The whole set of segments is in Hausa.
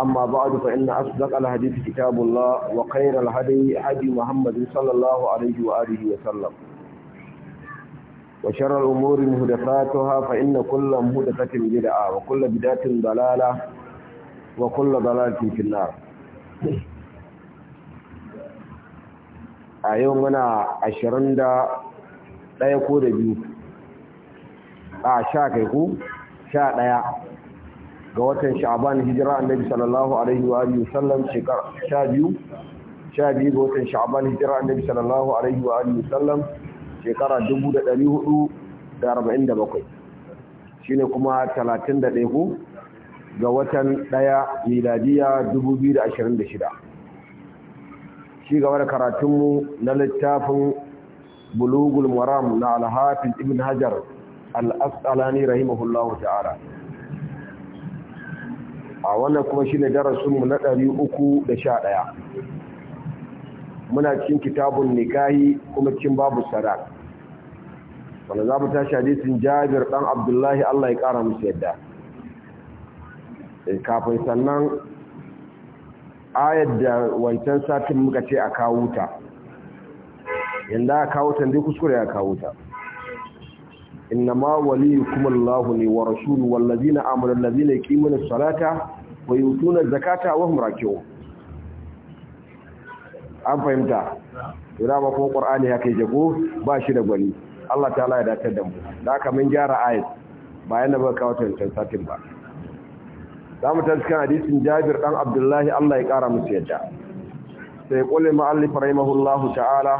amma ba'du fa inna asdaq al-hadith kitabullah wa khayr al-hadi hadi Muhammad sallallahu wa alihi wa sallam wa sharra al-umuri muhdathatuha fa inna kulla muhdathatin bid'a wa kulla bid'atin dalala wa kulla dalalatin fi an muna 21 ko da 2 a sha kai ku 11 ga watan sha'aban hijira annabi sallallahu alaihi wa alihi sallam shekara 12 12 ga watan sha'aban hijira annabi sallallahu alaihi wa alihi sallam shekara 1447 shine kuma 31 ga watan 1 miladiya 2026 shi gaba da karatunmu na littafin bulugul maram na alhafiz ibn hajar al-asqalani rahimahullahu ta'ala a wannan kuma shi ne darasinmu na 311 muna cikin kitabun nikahi kuma cikin babu sadaq wanda za mu tashi hadisin jabir dan abdullahi allah ya kara musu yadda eh, kafin sannan ayar da wancan satin muka ce a kawo ta yanda a kawo ta kuskure a kawo إنما وليكم الله ورسوله والذين آمنوا salata, يقيمون الصلاة ويؤتون wa وهم راكعون an fahimta rama kuma ƙwar'ani ya kai jago ba shi da gwani Allah ta'ala ya datar da mu da aka mun gyara ayat bayan da muka kawo tantan satin ba za mu tantukan hadisin jabir dan abdullahi Allah ya ƙara musu yadda sai ƙule ma'allif rahimahullahu ta'ala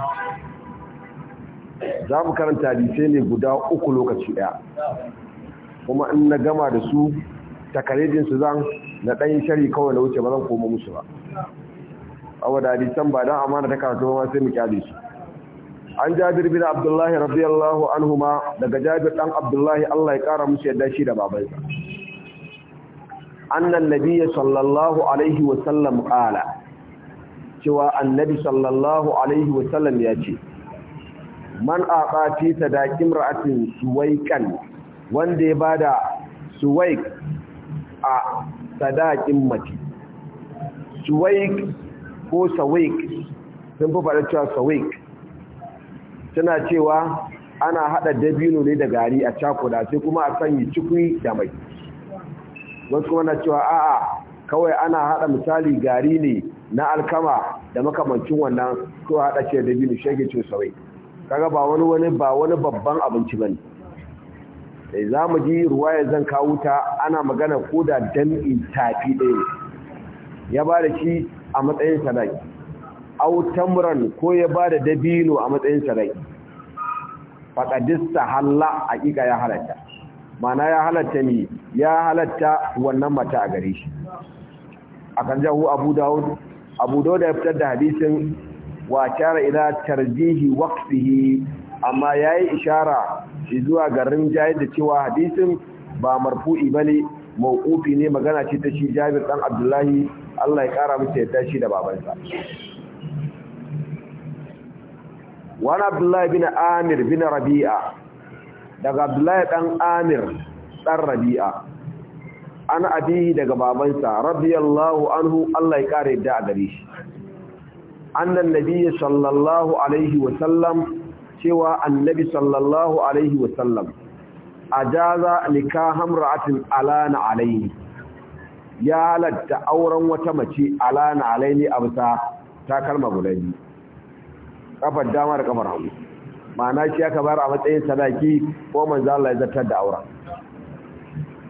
za mu karanta hadisai ne guda uku lokaci ɗaya kuma in na gama da su takaredin su zan na ɗan shari kawai na wuce ba zan koma musu ba A da hadisan ba don amana ta karatu ba sai mu kyale su an jabir bin abdullahi radiyallahu anhuma daga jabir dan abdullahi Allah ya kara musu yadda shi da babansa annan nabiyyi sallallahu alaihi wa sallam qala cewa annabi sallallahu alaihi wa sallam ya ce man aqa fi sadaqim ra'atin suwaikan wanda ya bada suwaik a sadakin mace suwaik ko Suwaik sun fi faɗa cewa Suwaik. tana cewa ana haɗa dabino ne da gari a cakuda sai kuma a sanya cikin da mai wasu kuma na cewa a'a kawai ana haɗa misali gari ne na alkama da makamancin wannan ko haɗa ce dabino shege ce Suwaik. kaga ba wani wani ba wani babban abinci bane sai eh za ji ruwaya zan kawo ta ana magana ko da dam'in tafi ɗaya ya ba da shi a matsayin sadaki au tamran ko ya ba da dabino a matsayin sadaki faƙadista halla haƙiƙa ya halatta mana ya halatta ni, ya halatta wannan mata a gare shi a jahu abu daud abu daud ya fitar da hadisin wa ashara ila tarjihi waqfihi amma yayi ishara zuwa garin jayyid da cewa hadisin ba marfu'i bane mawqufi ne magana ce ta shi Jabir dan Abdullahi Allah ya kara masa yadda shi da babansa wa Abdullahi bin Amir bin Rabi'a daga Abdullahi dan Amir dan Rabi'a an abi daga babansa radiyallahu anhu Allah ya kare da gare shi annan nabiyyi sallallahu alaihi wa sallam cewa annabi sallallahu alaihi wa sallam ajaza nikaham ra'atin alana alaini. ya halatta auren wata mace alana alaini a bisa takalma guda biyu kafar dama da kafar hagu ma'ana shi ya bayar a matsayin sadaki ko manzo Allah ya zartar da auren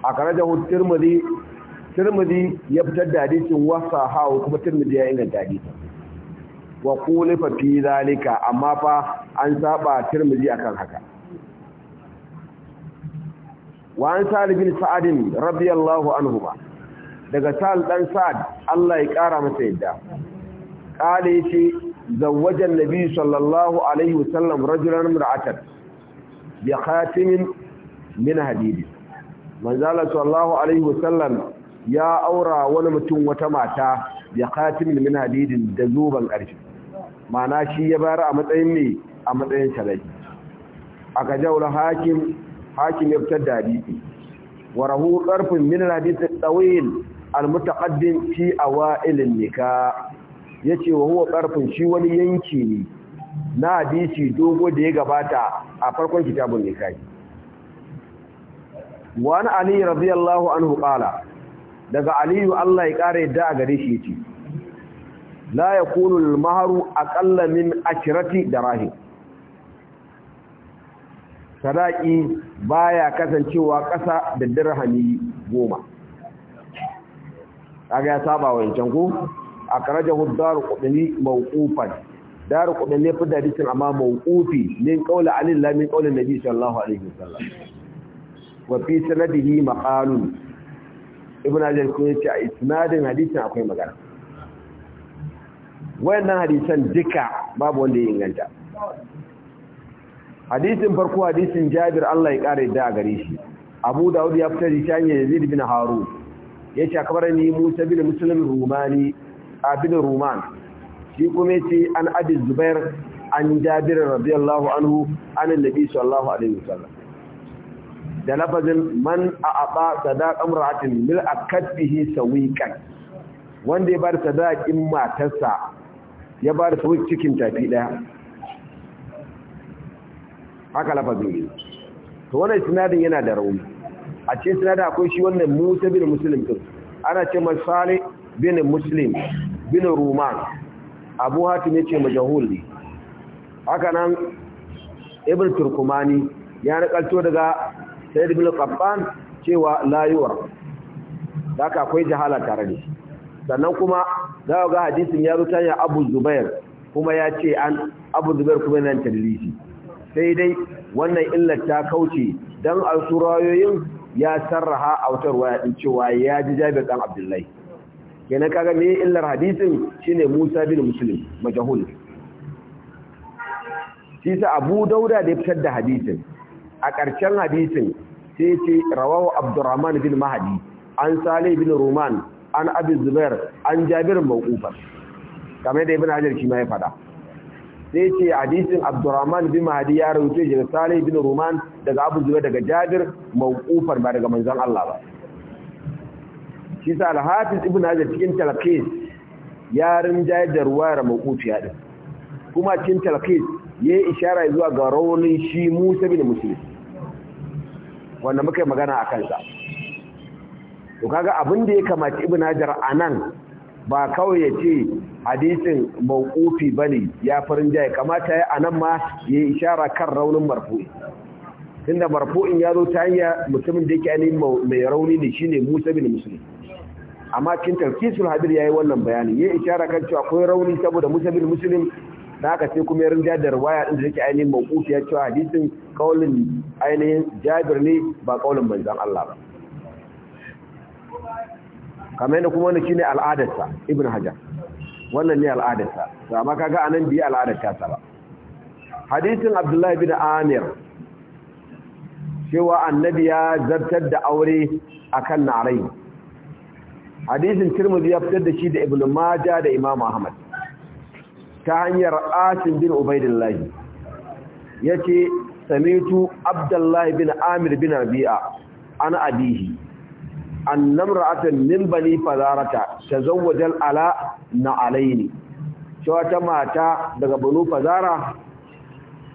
a karajahu tirmidhi tirmidhi ya fitar da hadisin wasa hawo kuma tirmidhi ya inganta hadisin wa kulifa fi zalika amma fa an saba tirmizi akan haka wa an sa'ad bin sa'ad radiyallahu anhu ba daga sa'ad dan sa'ad Allah ya kara masa yadda kale yace zawajan nabi sallallahu alaihi wasallam rajulan mar'atan bi khatimin min hadid manzala sallallahu alaihi wasallam ya aura wani mutum wata mata bi khatimin min hadidin da zuban ƙarfi Mana shi ya bayar a matsayin ne a matsayin sharadi aka jaula hakim hakim ya fitar da hadisi wa rahu karfin min hadisi tawil al mutaqaddim fi awail al nikah yace wa huwa karfin shi wani yanki ne na hadisi dogo da ya gabata a farkon kitabun nikahi wa an ali radiyallahu anhu qala daga aliyu Allah ya kare da gare shi yace la yakunu maharu a aqalla min ashrati darahim sadaki ya kasancewa ƙasa da dirhami goma kaga ya saba wa yancan ku akrajahu ad-darqutni mawqufan darqutni ne fi hadisin amma mawqufi min qawli alil la min qawli nabi sallallahu alaihi wasallam wa fi sanadihi maqalun ibn al-kunti a isnadin hadisin akwai magana wayannan hadisan duka babu wanda ya inganta hadisin farko hadisin Jabir Allah ya kare da gare shi Abu Dawud ya fitar da shi Yazid bin ce yace ni Musa bin Muslim Rumani abin Ruman shi kuma ce an Abi Zubair an Jabir radiyallahu anhu an nabi sallallahu alaihi wasallam da lafazin man a'ata sadaqam ra'atin mil akatbihi sawiqan wanda ya bar sadaqin matarsa ya ba da sauki cikin tafi ɗaya haka lafazin yi to wannan sinadin yana da rauni a cikin sinadin akwai shi wannan musa bin muslim din ana ce masale bin muslim bin ruman abu hatim ne ce majahul ne haka nan ibn turkumani ya rikalto daga sayyid bin qabban cewa layuwar da haka akwai jahala tare da sannan kuma za ga hadisin ya zo ta abu zubair kuma ya ce an abu zubair kuma yana tadlisi sai dai wannan illar ta kauce dan al-surayoyin ya sarraha a wutar din cewa ya ji jabir dan abdullahi kenan kaga me illar hadisin shine musa bin muslim majhul shi abu dauda da ya fitar da hadisin a ƙarshen hadisin sai ce rawahu abdurrahman bin mahdi an sale bin ruman an abi zubair an jabir mawqufa kamar da ibn hajar shi ma ya fada sai ce hadisin abdurrahman bin mahdi ya rawaito shi daga salih bin roman daga abu zubair daga jabir mawqufan ba daga manzan Allah ba shi sa al ibina ibn cikin talakis ya rinjaye da ruwayar mawqufiya din kuma cikin ya yi ishara zuwa ga raunin shi Musa bin Muslim wanda muka yi magana a kansa to kaga abin da ya kamata ibn hajar anan ba kawai ya ce hadisin mawqufi bane ya farin jaye kamata ya anan ma ya ishara kan raunin marfu'i tunda marfu'in ya zo ta hanya mutumin da yake ainihin mai rauni ne shine Musa bin Muslim amma cin tafsirul hadir yayi wannan bayani ya ishara kan cewa akwai rauni saboda Musa bin Muslim da aka sai kuma ya rinja da riwaya din da yake ainihin mawqufi ya cewa hadisin kaulin ainihin Jabir ne ba kaulin manzon Allah ba kamar yadda kuma wani ne al'adarsa ibn hajar wannan ne al'adarsa to ma kaga anan bi al'adar ta ba hadisun abdullahi bin amir cewa annabi ya zartar da aure akan narai hadisun tirmidhi ya fitar da shi da ibn maja da imam ahmad ta hanyar asin bin ya yace samitu abdullahi bin amir bin rabi'a an abihi an namra'atan min bani fazarata tazawwajal ala na alaini cewa ta mata daga banu fazara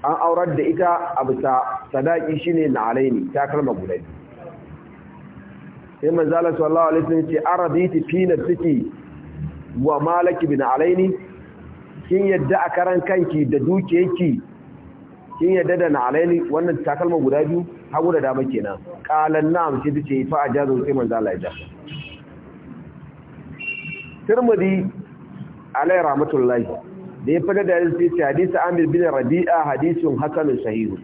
an aurar da ita a bisa sadaki shine na alaini ta kalma guda sai Allah sallallahu alaihi wasallam ce araditi fi nafsiki wa malaki bin alaini kin yadda a karan kanki da dukiyarki kin yadda da na alaini wannan takalma guda biyu hagu da dama kenan qalan na'am sai tace fa ajazu sai manzo Allah ya ja Tirmidhi alayhi rahmatullahi da ya fada da hadisi hadisi Amir bin Rabi'a hadisun hasanun sahihu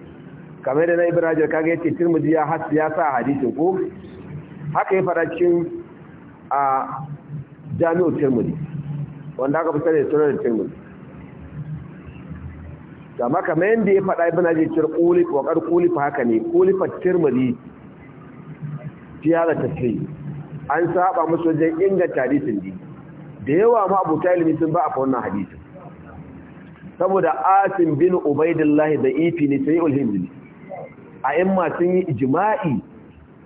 kamar da na Ibrahim kaga yace Tirmidhi ya has ya sa hadisin ko haka ya fada cikin a Jamiu Tirmidhi wanda aka fi sani da Sunan Tirmidhi amma kamar yadda ya faɗa ibina ajin cir kulif wa kar kulif haka ne kulifar tirmidhi fi ta fi an saba musu wajen inganta hadisin ji da yawa ma abu ilimi sun ba a wannan hadisin saboda asin bin ubaidillah da ifi ne sai ulhindi a imma sun yi jima'i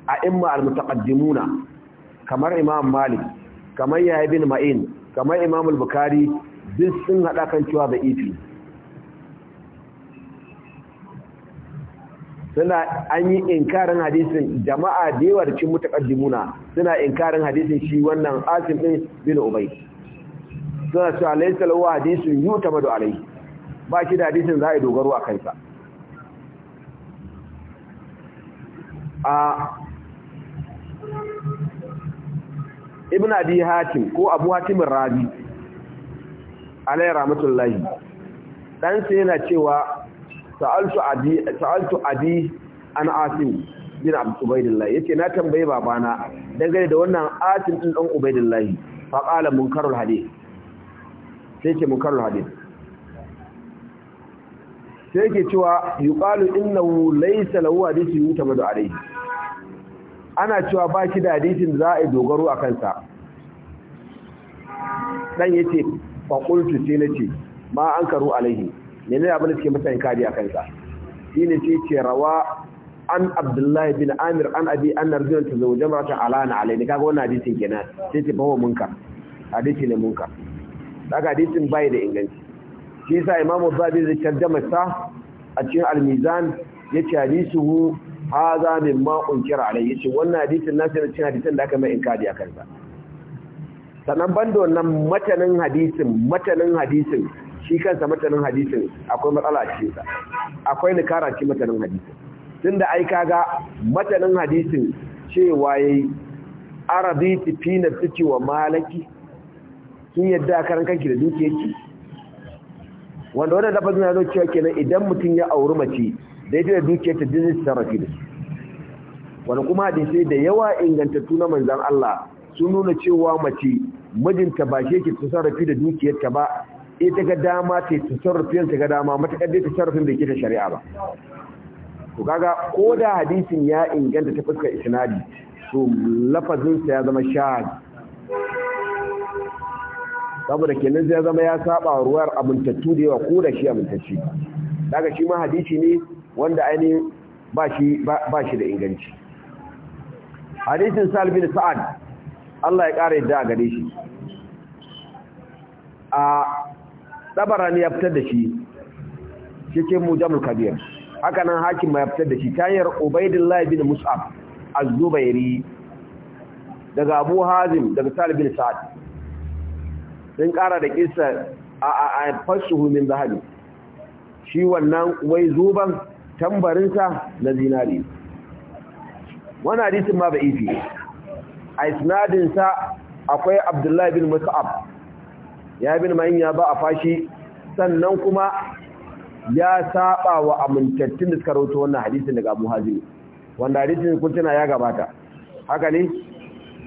a imma almutaqaddimuna kamar imam malik kamar yahya bin ma'in kamar imam al-bukhari duk sun haɗa kan cewa da ifi suna an yi inkarin hadisin jama'a da yawa da cin mutaqaddimuna suna inkarin hadisin shi wannan asim din bin ubay suna cewa laysa lahu hadisun madu alayhi ba shi da hadisin za a dogaro a kansa a ibn abi hatim ko abu hatim rabi alayhi rahmatullahi dan sai yana cewa sa'altu abi sa'altu abi an asim bin ubaidillah yace na tambaye babana dangane da wannan asim din dan ubaidillah fa qala munkarul hadith sai ce munkarul hadith sai yake cewa yuqalu innahu laysa lahu hadithu yutamadu alayhi ana cewa ba shi da hadisin za a yi dogaro a kansa dan yace fa qultu sai nace ma ankaru alaihi menene abin da suke mutane kariya kansa shine sai ce rawa an abdullahi bin amir an abi an narjuna ta zauja marata alana alaini kaga wani hadisin kenan sai ce bawa munka hadisi ne munka daga hadisin bai da inganci shi yasa imamu zabi zai tarjama sa a cikin almizan yace hadisuhu hadha mimma unkira alai yace wannan hadisin nasu ne cikin hadisin da aka mai inkari akan sa sanan bando nan matanin hadisin matanin hadisin shi kansa matanin hadisin akwai matsala a cikinsa akwai nikara cikin matanin hadisin Tunda ai kaga matanin hadisin cewa yayi yi arabi tifi na wa malaki sun yadda karan kanki da dukiyarki wanda wannan lafazin ya zo cewa kenan idan mutum ya auri mace daidai da dukiyarta dinin sarrafi da wani kuma hadisai da yawa ingantattu na manzon Allah sun nuna cewa mace mijinta ba shi yake sarrafi da dukiyarta ba ita ta ga dama ce sarrafin ta ga dama matakar dai sarrafin bai kita shari'a ba to kaga ko da hadisin ya inganta ta fuskar isnadi to lafazin sa ya zama shahad saboda kenan zai zama ya saba ruwar abuntattu da yawa ko da shi abuntacci daga shi ma hadisi ne wanda ainihin ba shi ba shi da inganci hadisin salbin Sa'ad Allah ya kare yadda a gare shi a ne ya fitar da shi cikin mujamul kabir haka nan hakim ya fitar da shi tayar ubaidillah bin mus'ab az-zubairi daga abu hazim daga salih bin sa'ad sun kara da kissa a a fasuhu min zahabi shi wannan wai zuban sa na zinari wannan hadisin ma ifi a sa akwai abdullahi bin mus'ab ya bin ma'in ya ba a fashi sannan kuma ya saba wa amintattun da suka rawaito wannan hadisin daga Abu Hazim wanda hadisin kun tana ya gabata haka ne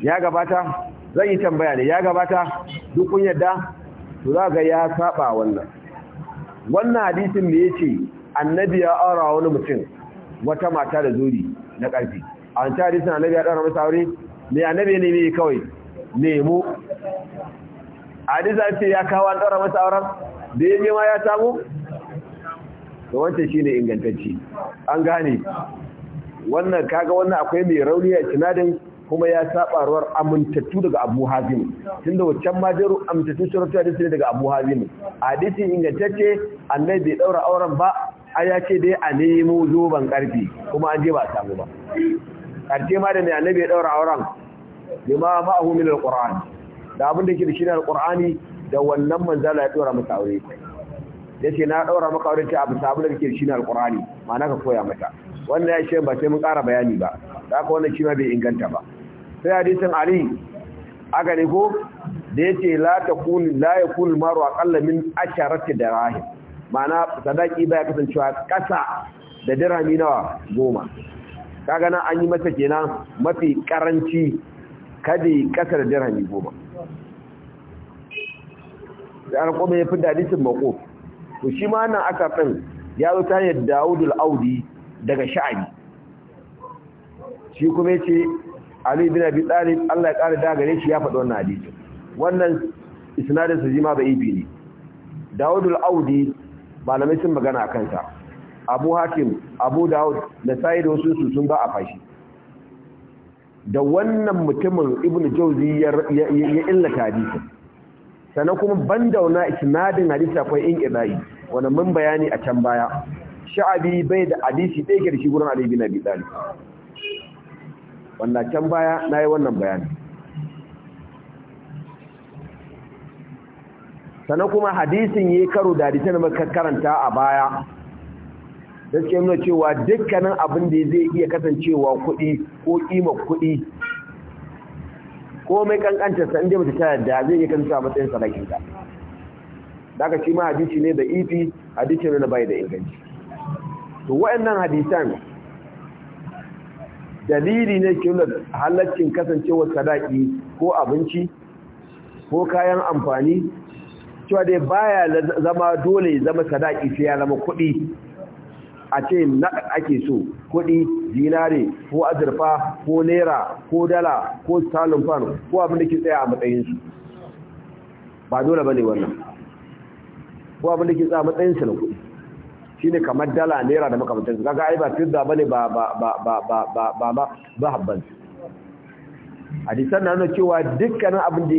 ya gabata zan yi tambaya ne ya gabata duk yadda to za ga ya saba wannan wannan hadisin me ce annabi ya aura wani mutum wata mata da zuri na ƙarfi a wancan hadisin annabi ya ɗara masa aure me annabi ne me kawai nemo hadisa ce ya kawo an ɗora masa auren da ya nema ya samu da wancan shi ne ingantacci an gane wannan kaga wannan akwai mai rauni a sinadin kuma ya saba ruwar amintattu daga abu hazim tun da waccan majaru amintattu suratu hadisi ne daga abu hazim hadisin ingantacce annabi bai daura auren ba a ya ce dai a nemo zoben karfi kuma an je ba a samu ba Karfe ma da mai annabi bai daura auren bima ma'ahu min alƙur'ani. da abin da yake da shi na alqur'ani da wannan manzala ya ɗora masa aure yace na daura maka aure ta abu sabu da kake da shi na alqur'ani ma'ana ka koya mata wannan ya ce ba sai mun ƙara bayani ba da haka wannan shi ma bai inganta ba sai hadisin ali aka ne ko da yace la takun la yakun maru aqalla min asharati dirahim ma'ana sadaki ba ya kasancewa kasa da dirhami nawa goma kaga nan an yi masa kenan mafi karanci kada kasa da dirhami goma an kuma ya fi dadisin mako to shi ma nan aka ɗin ya zo ta hanyar Dawudu audi daga sha'ani shi kuma ya ce ali bin abi talib Allah ya ƙara da gare shi ya faɗi wannan hadisi wannan isnadin su jima bai ibi ne dawudul audi malamai sun magana a kansa abu hakim abu dawud da sai da wasu su sun ba a fashi da wannan mutumin ibnu jawzi ya illata hadisin sannan kuma ban dauna isnadin hadisi akwai in ƙidayi wanda mun bayani a can baya sha'abi bai da hadisi ɗaya ke da shi gurin alibi bin Abi wanda can baya na yi wannan bayani sannan kuma hadisin yi karo da hadisin da karanta a baya da suke nuna cewa dukkanin abin da zai iya kasancewa kuɗi ko ƙimar kuɗi komai kankancin sa inda mutu ta yadda zai iya kanta matsayin sadakin ka daga shi ma hadisi ne da ifi hadisi ne da bai da inganci to wayannan hadisan dalili ne ke nuna halaccin kasancewar sadaki ko abinci ko kayan amfani cewa dai baya zama dole zama sadaki sai ya zama kuɗi a ce na ake so kuɗi zinare ko azurfa ko naira ko dala ko stalin fan ko abin da ke tsaya a matsayinsu ba dole ba ne wannan ko abin da ke tsaya a matsayinsu na kuɗi shi ne kamar dala naira da makamantansu kaga ai ba fidda ba ne ba ba ba habban hadisan na nuna cewa dukkanin abin da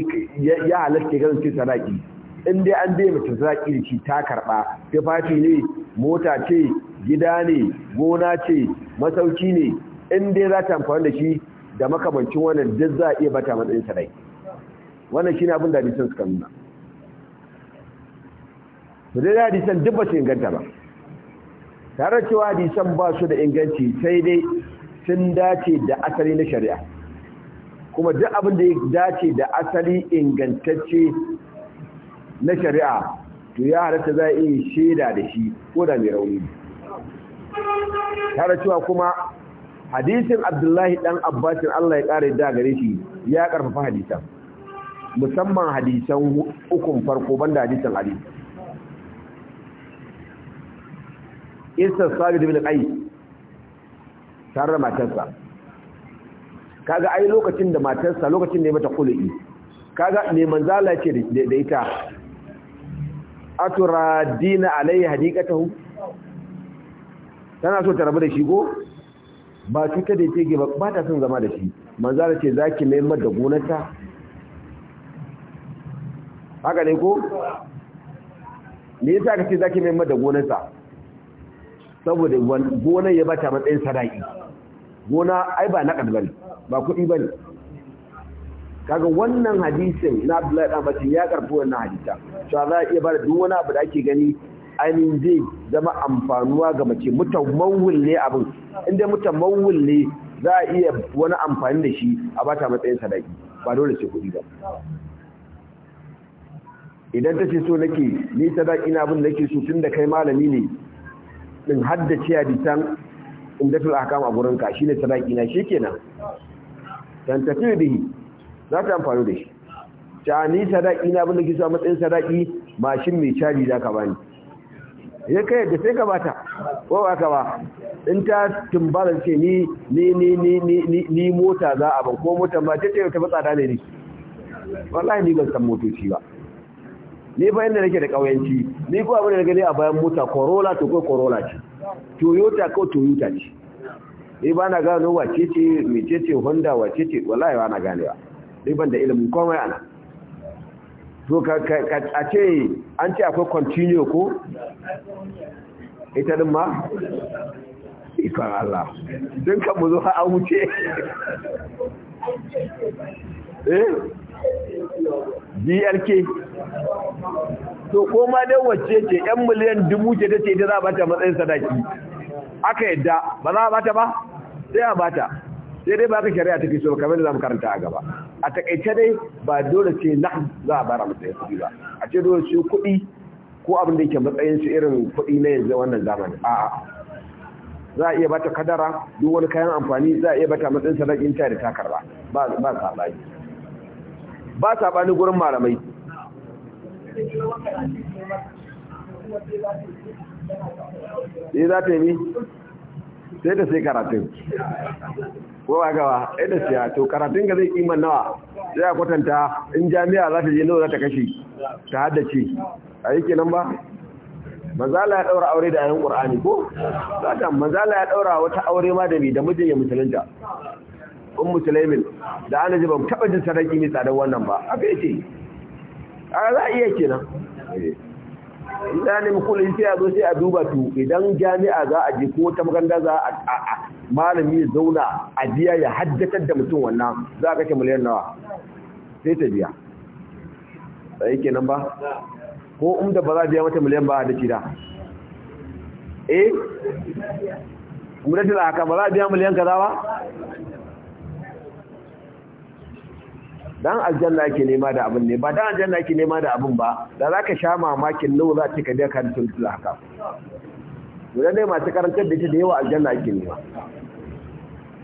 ya halatta ya kasance sadaki in dai an dai mutum sadaki da shi ta karɓa tufafi ne mota ce gida ne gona ce masauki ne in dai za ta amfani da shi da makamancin wannan duk za a iya bata matsayin ta dai wannan shine abin da hadisan suka nuna su dai da hadisan duk ba su inganta ba tare cewa hadisan ba su da inganci sai dai sun dace da asali na shari'a kuma duk abin da ya dace da asali ingantacce na shari'a to ya halatta za a iya shaida da shi ko da mai rauni tare cewa kuma hadisin abdullahi dan abbasin Allah ya kare da gare shi ya karfafa hadisan musamman hadisan ukun farko banda hadisan ali isa sabit bin qais tare matarsa kaga ai lokacin da matarsa lokacin da ya mata kulli kaga ne manzala ce da ita aturadina alai hadiqatahu tana so ta rabu da shi ko ba cutar da take ba ba ta son zama da shi manzo ce za ki maimar da gonarta haka ne ko? me yasa ka ce za ki maimar da gonarta saboda gonar ya bata matsayin sadaki gona ai ba na ƙadbal ba kuɗi ba ne kaga wannan hadisin na abdullahi ɗan ya karfo wannan hadisa cewa za a iya bada duk wani abu da ake gani ainihin zai zama amfanuwa ga mace mutamawul ne abin inda mutamawul ne za a iya wani amfani da shi a bata matsayin sadaki ba dole ce kuɗi ba idan ta ce so nake ni sadaki na abin nake so tun da kai malami ne in haddace hadisan indatul ahkam a gurin ka shine sadaki na shi kenan. dan tafi shi za ta amfani da shi ta ni sadaki na abin ke so a matsayin sadaki mashin mai caji ka bani ya kai da sai ka bata ko ba ka ba in ta tumbalar ce ni ni ni ni ni mota za a ban ko mota ba ta ce ta fi tsada ne ni wallahi ni ban san motoci ba ni fa inda nake da kauyanci ni ko abin da gani a bayan mota corolla to ko corolla ce toyota ko toyota ce ni ba na gano wace ce ce honda wace ce wallahi ba na ganewa ni ban da ilimin komai anan to a ce an ce akwai continue ko ita din ma ikon Allah don ka mu zo ha an wuce eh DLK to koma dan wacce ce yan miliyan dubu ce ta ce ta za a bata matsayin sadaki aka yadda ba za a bata ba sai a bata sai dai ba ka shari'a take so kamar da zamu karanta a gaba a takaice dai ba dole ce na za a bara mutane kuɗi ba a ce dole su kuɗi ko abin da yake matsayin su irin kuɗi na yanzu wannan zamanin a'a za a iya bata kadara duk wani kayan amfani za a iya bata matsayin sadakin ta da takarba ba ba sabani ba sabani gurin malamai Eh za ta yi sai da sai karatun ko ba gaba ɗaya da siya to karatun ga zai kiman nawa zai kwatanta in jami'a za ta je nawa za ta kashe ta haddace a yi kenan ba mazala ya ɗaura aure da ayan ƙur'ani ko zaka mazala ya ɗaura wata aure ma da bi da mijin ya musulunta un musulmin da ana ji ban taɓa jin sadaki ne tsadar wannan ba haka yake a za a iya kenan idan ne mu kula sai a zo sai a duba tu idan jami'a za a je ko ta maganda za a malami ya zauna a biya ya haddatar da mutum wannan za a kashe miliyan nawa sai ta biya da yake nan ba ko inda ba za a biya mata miliyan ba eh? da shida eh gwamnati da haka ba za a biya miliyan kaza ba dan aljanna ke nema da abin ne ba dan aljanna ke nema da abin ba da za ka sha mamakin nawa za ka biya ka da haka guda ne masu karantar da ita da yawa aljanna ake nema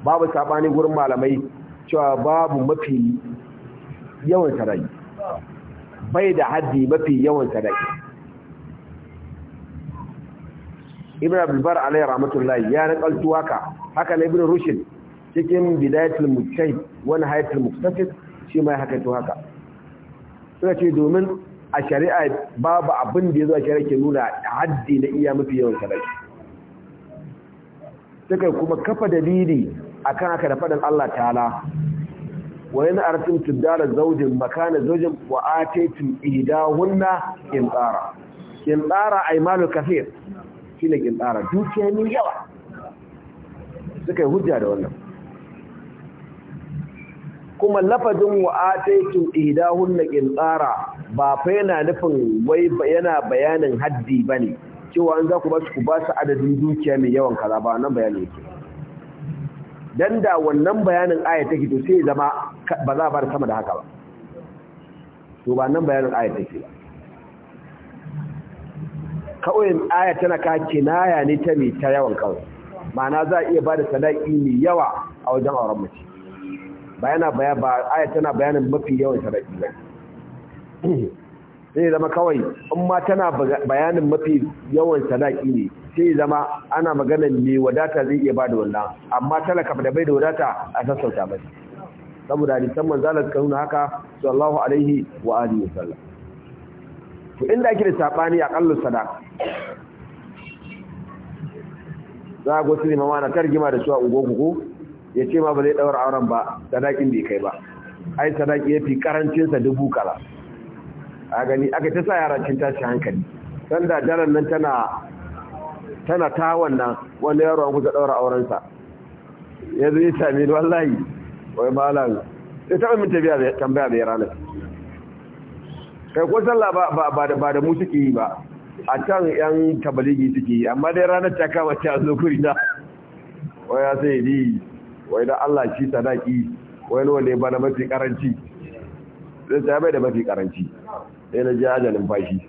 babu sabani gurin malamai cewa babu mafi yawan sadaki bai da haddi mafi yawan sadaki ibn abdulbar alayhi rahmatullahi ya nakaltu haka haka na ibn rushd cikin bidayatul mujtahid wani hayatul muktasid shi mai haka to haka suka ce domin a shari'a babu abin da ya zo a shari'a ke nuna haddi na iya mafi yawan sadaki suka kuma kafa dalili akan haka da faɗin Allah ta'ala wa yana artin tuddara zaujin makana zaujin wa ataitum idahunna qintara qintara ay malu kaseer shine qintara dukiya ne yawa suka yi hujja da wannan kuma lafazin wa ataitum idahunna qintara ba fa yana nufin wai yana bayanin haddi bane cewa an za ku ba su ku ba su adadin dukiya mai yawan kaza ba nan bayanin yake dan da wannan bayanin ayat take to sai zama ba za a bar sama da haka ba to ba nan bayanin ayat take ba kawai ayat tana ka kinaya ne ta mai ta yawan kawai ma'ana za a iya ba da sadaki mai yawa a wajen auren mace bayana baya ba ayat tana bayanin mafi yawan sadaki ba sai zama kawai in ma tana bayanin mafi yawan sadaki ne sai zama ana magana mai wadata zai iya bada wannan amma talaka da bai da wadata a sassauta mai saboda hadisan manzalar kanuna haka sallallahu alaihi wa alihi wasallam to inda ake da sabani a kallon sadaka za ga wasu limama na targima da su a ungogugu ya ce ma ba zai daura auren ba sadakin bai kai ba ai sadaki ya fi sa dubu kala a gani aka ta sa yara cin tashi hankali sanda jaran nan tana tana ta wannan wani yaro an kusa daura aurensa ya ni sami wallahi wai malam ya taɓa min tambaya yara ranar kai ko sallah ba da mu suke yi ba a can yan tabaligi suke yi amma dai ranar ta kama ta zo kurina wai ya sai ni wai da Allah shi sadaki wai ne wanda ba na mafi karanci zai ta bai da mafi karanci sai na ji ajalin fashi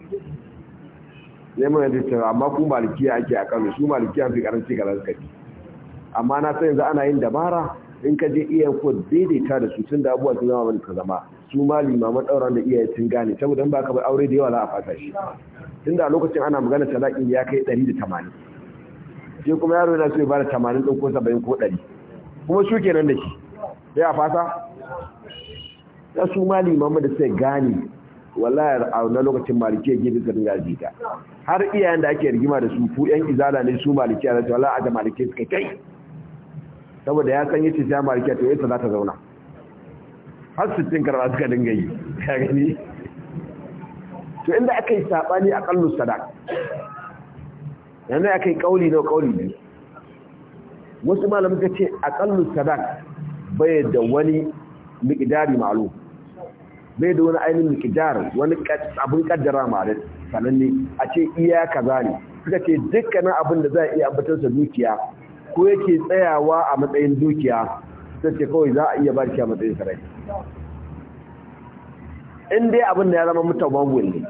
neman yadda ji cewa amma ku malikiya ake a Kano su malikiya fi karanci karanci kaji amma na san yanzu ana yin dabara in ka je iya kod daidaita da su tun da abubuwa sun zama wani ka zama su ma limaman ɗauran da iyaye sun gane saboda ba ka bar aure da yawa za a fasa shi tun da lokacin ana magana talaƙin ya kai ɗari da tamanin sai kuma yaro yana so ya bada tamanin ɗin ko saba'in ko ɗari kuma su kenan da shi sai a fasa na su ma limaman da sai gane wallahi a wannan lokacin maliki ke gidi ka jita har iyayen da ake rigima da su fu yan izala ne su malikiya da tawalla a da malikiya suka kai saboda ya san yace ta a to yace za ta zauna har sittin karba suka dinga yi Ya gani to inda aka yi sabani a kallu sadak, yana aka yi kauli da kauli ne wasu malamin ce a kallu sadak bai da wani miqdari ma'lum bai da wani ainihin mikijar wani abin kaddara ma da sananne a ce iya kaza ne suka ce dukkanin abin da za a iya ambatarsa dukiya ko yake tsayawa a matsayin dukiya sai ce kawai za a iya ba a matsayin sarai in dai abin da ya zama mutawawwin ne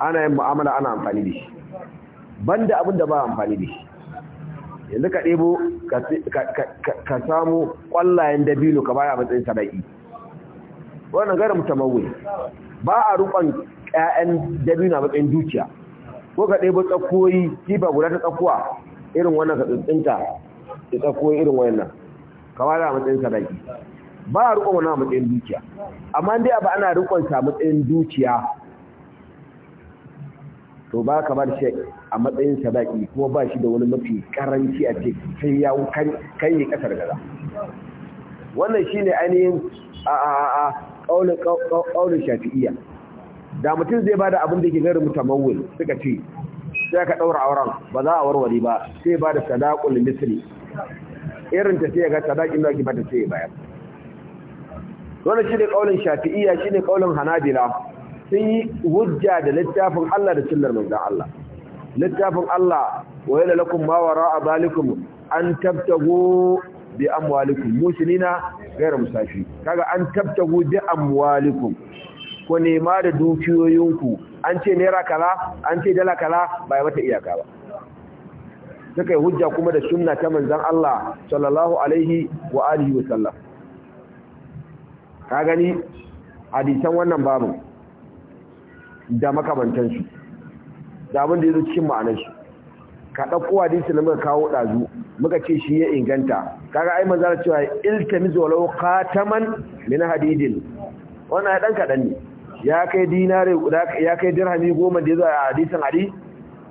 ana yin mu'amala ana amfani da shi banda abin da ba amfani da shi yanzu ka ɗebo ka samu ƙwallayen dabino ka baya matsayin sarai wannan gara mutamawai ba a rukon ƴaƴan dabina matsayin dukiya ko ka ɗebo tsakkoyi kifa guda ta tsakuwa irin wannan ka tsintsinta ta tsakoyi irin wannan kama da matsayin sadaki ba a rukon wannan matsayin dukiya amma dai ba ana rukon sa matsayin dukiya to ba ka ba da shi a matsayin sadaki kuma ba shi da wani mafi karanci a ce sai ya kan yi kasar gaza wannan shine ainihin a ƙaunin shafi'iyya da mutum zai bada abin da ke gari mutamawil suka ce sai ka daura auren ba za a warware ba sai ba da sadakul irin ta sai ga sadaqin da ke bata sai bayar wannan shine ƙaunin shafi'iyya shine ƙaunin hanabila sun yi hujja da littafin Allah da sunnar manzon Allah littafin Allah wa yala lakum ma wara'a zalikum an tabtagu bi amwalikum musulina gairu musafi kaga an tabtahu bi amwalikum ko nema da dukiyoyinku an ce naira kala an ce dala kala ba ya mata iyaka ba suka yi hujja kuma da sunna ta manzon Allah sallallahu alaihi wa alihi wa sallam ka gani hadisan wannan babu da shi da abin da ya zo cikin shi ka ɗauko hadisi na muka kawo ɗazu muka ce shi ya inganta kaga ai manzara cewa iltamiz walau qataman min hadidin wannan dan kadan ne ya kai dinare ya kai dirhami goma da zai a hadisin hadi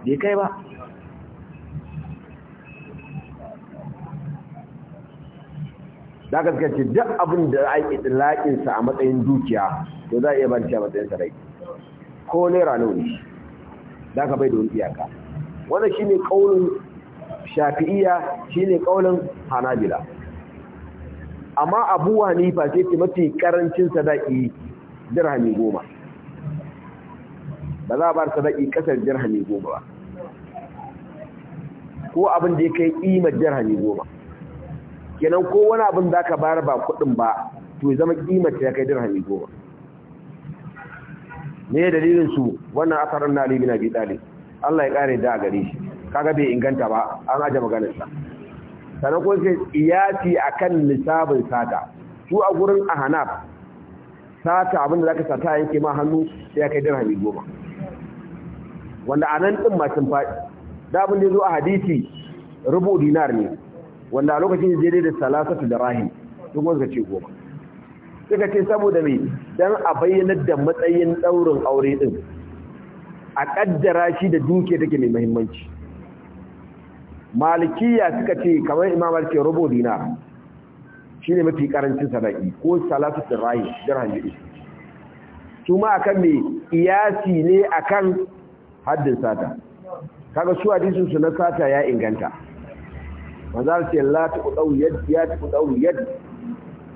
bai kai ba da ka ce duk abin da ai idlakin sa a matsayin dukiya to za iya bance a matsayin sarai ko ne rano ne da ka bai da wani iyaka wannan shine kaulin shafi'iyya shine kaulin hanabila amma abu hanifa ce ce mafi karancin sadaki dirhami goma ba za a bar sadaki kasar dirhami goma ba ko abin da ya kai imar dirhami goma kenan ko wani abin da ka bayar ba kudin ba to zama imar ta ya kai dirhami goma ne dalilin su wannan asarar na libina bi dalil Allah ya kare da gare shi kaga bai inganta ba an aje maganar sa sannan ko sai iyati akan nisabin sata su a gurin ahnaf sata abinda zaka sata yanke ma hannu sai kai dirhami goma wanda anan din ma sun faɗi da abin da zo a hadisi rubu dinar ne wanda a lokacin je da salasatu da rahim duk wanda ce goma suka ce saboda me dan a bayyanar da matsayin daurin aure din a kaddara shi da duke take mai muhimmanci malikiya suka ce kamar imam malik ce rubu dinar shine mafi karancin sadaki ko salatu sirrai dirham Su kuma akan me iyasi ne akan haddin sata kaga su hadisin su na sata ya inganta manzal ce la tuqdaw yad ya yad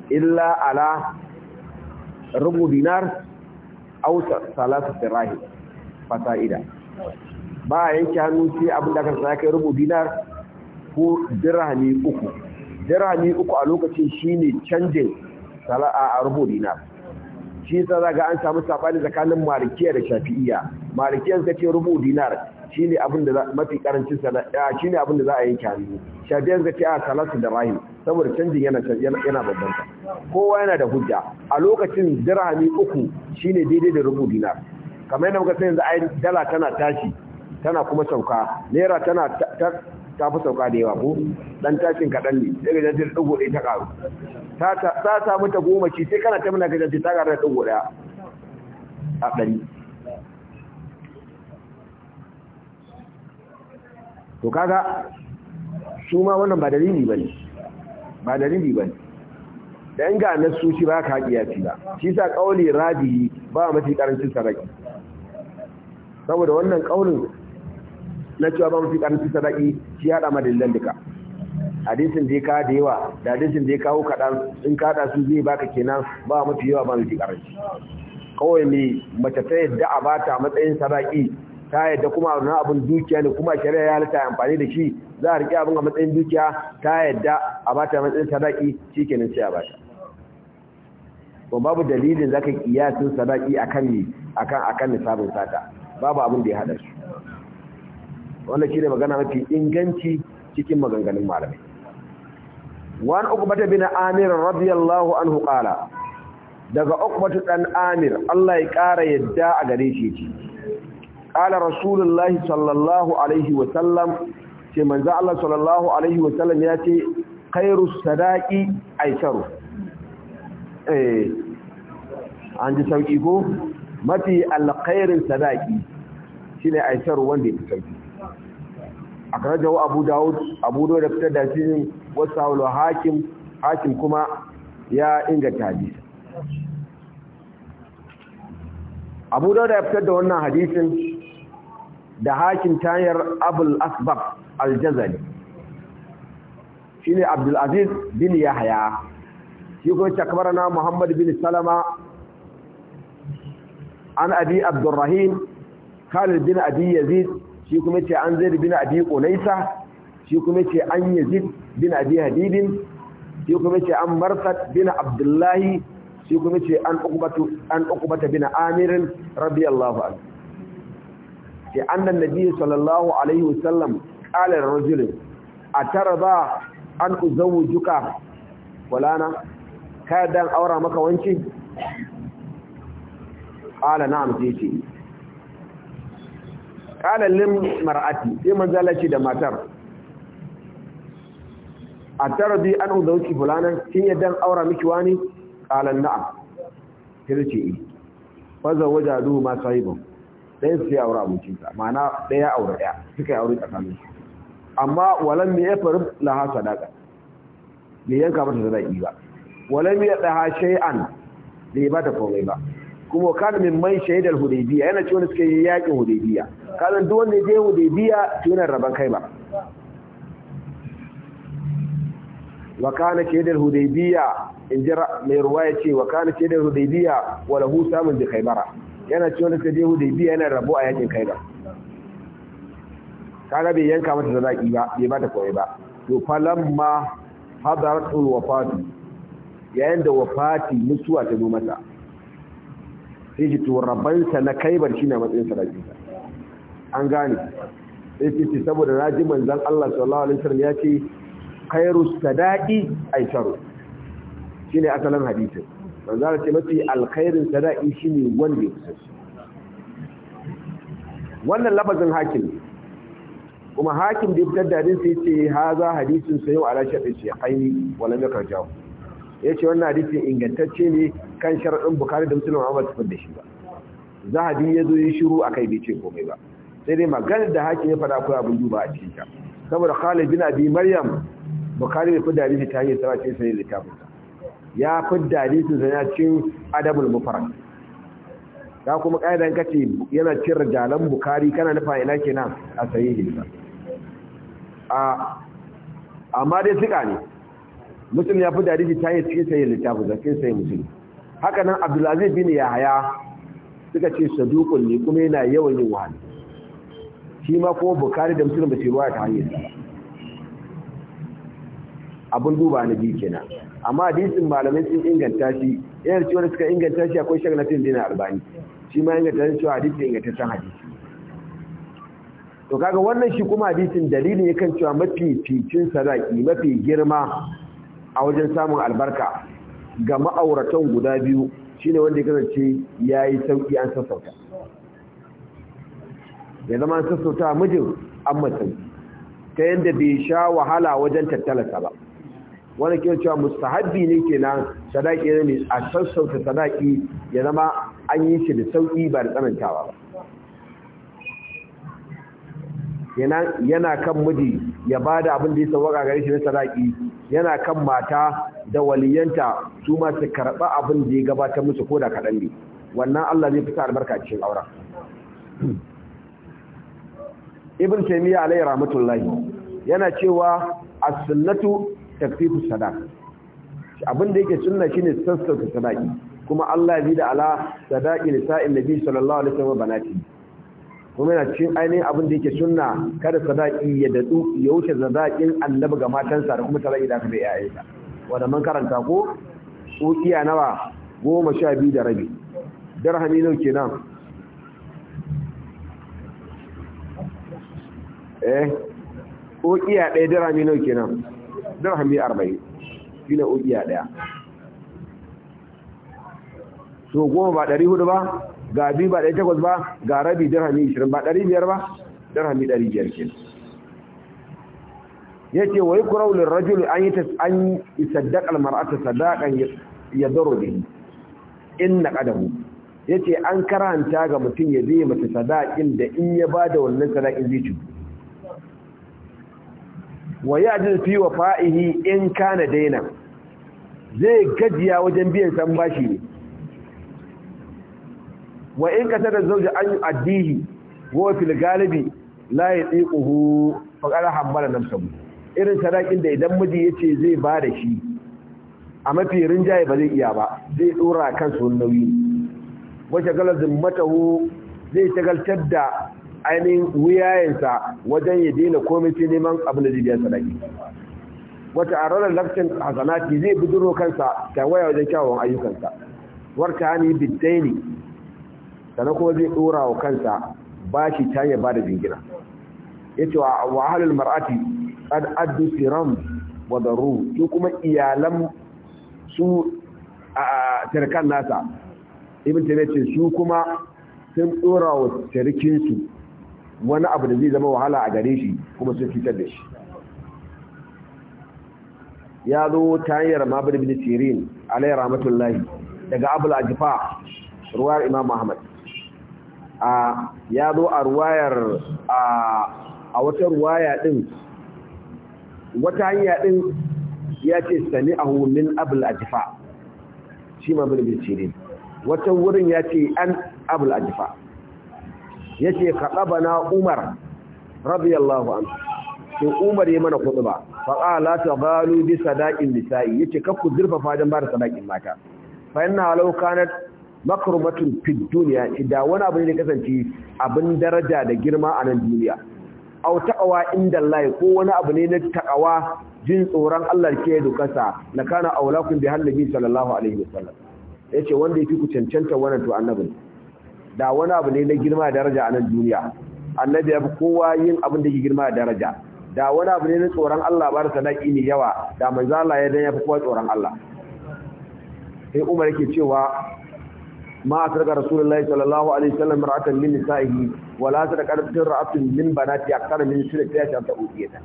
illa ala rubu dinar aw salatu fasaida ba a yanke hannu sai abin da aka sa kai rubu dinar ko dirhami uku dirhami uku a lokacin shine canjin sala'a a rubu dinar shi yasa zaga an samu sabani tsakanin malikiya da shafi'iyya malikiyan ka ce rubu dinar shine abin da mafi karancin sala'a shine abin da za a yanke hannu shafi'iyyan ka ce a salatu da rahim saboda canjin yana yana bambanta kowa yana da hujja a lokacin dirhami uku shine daidai da rubu dinar kamar yadda muka sani yanzu ai dala tana tashi tana kuma sauka naira tana ta fi sauka da yawa ko dan tashin kaɗan ne sai gidan ta dugo ɗaya ta ƙaru ta samu ta goma ci sai kana ta muna gajen ta ƙaru da dugo ɗaya a ɗari to kaga su ma wannan ba dalili ba ne ba dalili ba ne ga na su nasu shi ba ka haƙiya ci ba shi sa kauli rabihi ba mafi ƙarancin saraki. saboda wannan ƙaunin na cewa ba mu fi ƙarfi sadaki shi ya ma dalilan duka hadisin da ya da yawa da hadisin da ya kawo kaɗan in ka kaɗa su zai baka kenan ba mafi yawa ba fi ƙaranci kawai ne mace ta yadda a bata matsayin sadaki ta yadda kuma na abin dukiya ne kuma shari'a ya halitta amfani da shi za a riƙe abin a matsayin dukiya ta yadda a bata matsayin sadaki shi kenan sai a bata ba babu dalilin zaka kiyasin sadaki akan akan akan nisabin sata babu abin da ya hada su shi ne magana mafi inganci cikin maganganun malamai wan bi na amir radiyallahu anhu qala daga ukubata dan amir Allah ya kara yadda a gare shi ce qala rasulullahi sallallahu alaihi wa sallam ce manza Allah sallallahu alaihi wa sallam ya ce kairu sadaqi aisharu. eh an ji sauƙi ko mafi alkhairin sadaqi shine aisharu wanda ya fi sauƙi. akhrajahu abu daud abu daud da fitar da shi wasawul hakim hakim kuma ya inganta hadisi abu da ya fitar da wannan hadisin da hakim tayar abul asbab al-jazali shine abdul aziz bin Yahaya, shi ko takbarana muhammad bin salama an abi abdurrahim khalid bin abi yazid shi kuma ce an zai bin abi qulaisa shi kuma ce an yazid bin abi hadidin shi kuma ce an marsad bin abdullahi shi kuma ce an uqbatu an uqbata bin amir radiyallahu an ce na nabi sallallahu alaihi wasallam a tara ba an uzawjuka walana dan aura maka wanci ƙala na sai ce kala lim mar'ati sai manzo Allah ce da matar a tarabi an uzauki fulana kin yadda aura miki wani kala na'am sai ce eh fa du ma sahibu sai sai aura abokinsa ma'ana daya aure daya suka aure tsakanin su amma walam ya faru laha daga, bai yanka mata sadaki ba walam ya ha shay'an bai ba ta komai ba kuma kana min mai shaidal hudaybiya yana cewa suka yi yaƙin hudaybiya kamin duk wanda ya je hudaybiya to yana raban kai ba wa kana shedar hudaybiya in ji mai ruwa ya ce wa kana shedar hudaybiya wa lahu samun bi khaybara yana ce wanda je hudaybiya yana rabo a yakin ba kana bai yanka mata zaki ba bai bata koyi ba to falamma hadaratul wafati yayin da wafati mutuwa ta zo mata sai ji to rabansa na kaibar shine matsayin sadaki an gane sai saboda na ji manzan Allah sallallahu alaihi wasallam ya ce khairu sadaqi aisharu shine asalin hadisin manzan ce mafi alkhairin sadaqi shine wanda ya kusa wannan lafazin hakim kuma hakim da fitar da hadisi ce haza hadisin yau ala shaɗi ce aini wala mai karjawo ya ce wannan hadisin ingantacce ne kan sharadin bukari da musulun Muhammad ba da shi ba zahabi yazo yi shiru a kai bai ce komai ba sai dai maganar da haƙi ya faɗa kuwa abin duba a cikin ta saboda Khalid bin Abi Maryam Bukhari bai fidda hadisi ta hanyar sarrafa sai da sa ya fidda hadisin sa cin Adabul Mufrad da kuma kaidan kace yana cin rijalan Bukhari kana nufa ina kenan a sahihin sa a amma dai tsika ne muslim ya fi dariji ta yi cikin sai da da cikin sai muslim haka nan abdulaziz bin yahaya suka ce saduqun ne kuma yana yawan yin wahala. shi ma kuma bukari da musulun ba su ruwa ta hanyar sa abin duba na biyu kenan amma hadisin malamai sun inganta shi yana cewa suka inganta shi akwai shagala sun dina albani shi ma inganta shi cewa hadisi san hadisi to kaga wannan shi kuma hadisin dalilin kan cewa mafi cikin sadaki mafi girma a wajen samun albarka ga ma'auratan guda biyu shine wanda ya kasance yayi sauki an sassauta ya zama an sassauta mijin an mutum ta yadda bai sha wahala wajen tattalasa ba wani ke cewa mustahabbi ne kenan sadaki ne a sassauta sadaki ya zama an yi shi da sauki ba da tsanantawa ba yana kan miji ya ba da abin da ya sauwa gare shi na sadaki yana kan mata da waliyanta su masu karɓa abin da ya gabatar musu ko da kaɗan ne wannan Allah zai sa albarka cikin auren ibn taymiya alayhi rahmatullahi yana cewa as-sunnatu takfifu sadaq abin da yake sunna shine sassauta sadaqi kuma Allah bi da ala sadaqi lisa'in nabi sallallahu alaihi wasallam banati kuma yana cikin ainihin abin da yake sunna kada sadaqi ya dadu ya wuce sadaqin annabi ga matansa da kuma sadaqi da kuma iyayensa wanda man karanta ko su iya nawa goma sha biyu da rabi darhami nau kenan eh okiya e ɗaya dirhami nau kenan dirhami arba'in shi ne okiya e ɗaya so goma ba ɗari hudu ba ga biyu ba ɗari takwas ba ga rabi dirhami ishirin ba ɗari biyar ba dirhami ɗari biyar kenan ya ce wa yi kuraulin rajulu an yi saddaƙar mar'ata saddaƙan ya zaro da in na ƙadamu ya ce an karanta ga mutum ya zai mata sadaƙin da in ya ba da wannan sadaƙin zai cutu wa ya ji fi wa fa'ihi in kana daina zai gajiya wajen biyan san bashi ne wa in ka tara zauji an addihi wa fil galibi la yatiquhu faqala nan namsabu irin sadakin da idan miji yace zai ba da shi a mafi rinjaye ba zai iya ba zai dora kan sunan nauyi wa shagala zimmatahu zai shagaltar da ainihin wuyayensa wajen ya daina komai fi neman abin da zai biya sadaki wata a ranar lafcin hasanati zai buduro kansa ta waya wajen kyawawan ayyukansa warta hani biddaini sannan kuma zai dora wa kansa bashi ta ba bada jingina ce wa halin mar'ati qad addu siram wa daru su kuma iyalan su a tarkan nasa ibn ce su kuma sun dora wa tarkinsu wani abu da zai zama wahala a gare shi kuma sun fitar da shi ya zo ta hanyar mabir bin tirin alayhi lahi daga abul ajifa ruwayar imam ahmad a ya zo a ruwayar a wata ruwaya din wata hanya din ya ce Sani a min abul ajifa shi mabir bin tirin wata wurin ya ce an abul ajifa yace na umar radiyallahu anhu to umar yayi mana kutuba fa qala tabalu bi sadaqin nisa'i yace ka zurfafa dan ba da sadaqin mata fa inna law kanat makrumatun fid dunya idan wani abu ne kasance abin daraja da girma a nan duniya aw taqwa inda Allah ko wani abu ne na taqwa jin tsoron Allah ke sa na kana aulakum bi halabi sallallahu alaihi wasallam yace wanda yake ku cancanta wannan to annabi da wani abu ne na girma daraja a nan duniya annabi ya fi kowa yin abin da ke girma daraja da wani abu ne na tsoron Allah ba da sadaki ne yawa da manzo Allah ya dan ya fi kowa tsoron Allah sai Umar yake cewa ma asraka rasulullahi sallallahu alaihi wasallam ra'atan min nisa'ihi wala sadaqat ra'atun min banati akthar min ya ta ubiyata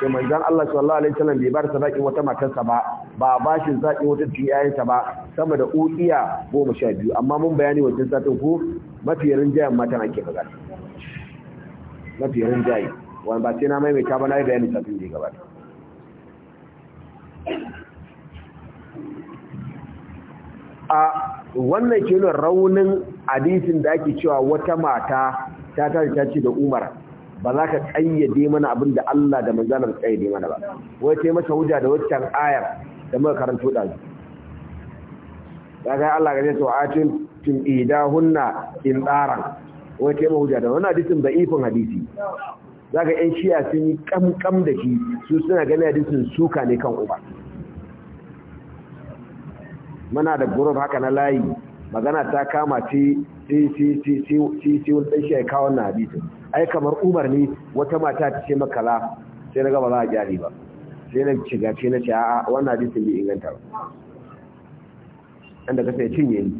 sai manzo Allah sallallahu alaihi wasallam bai bar sadaqin wata matarsa ba ba bashin zaki wata tiyayinta ba sama da ukiya goma sha biyu amma mun bayani wajen satin ko mafi rinjayen matan ake gaba mafi jayi wani ba sai na maimaita ba na yi bayani satin da ya gaba a wannan ke nuna raunin adisin da ake cewa wata mata ta tashi ta ce da umar ba za ka kayyade mana abin da Allah da manzana ba kayyade mana ba wai sai masa hujja da waccan ayar da muka karanta hudu ga Allah ga to atin tin idahunna in daran wai ke mahuja da wannan hadisin da ifin hadisi zaka yan shiya sun yi kamkam da shi su suna ganin hadisin suka ne kan uba muna da gurub haka na layi magana ta kama ce sai wani ɗan shi kawo na ai kamar umar ne wata mata ta ce makala sai na gaba za a gyari ba sai na shiga ce na ce a'a wannan hadisin bai inganta ba inda ka sai cinye ni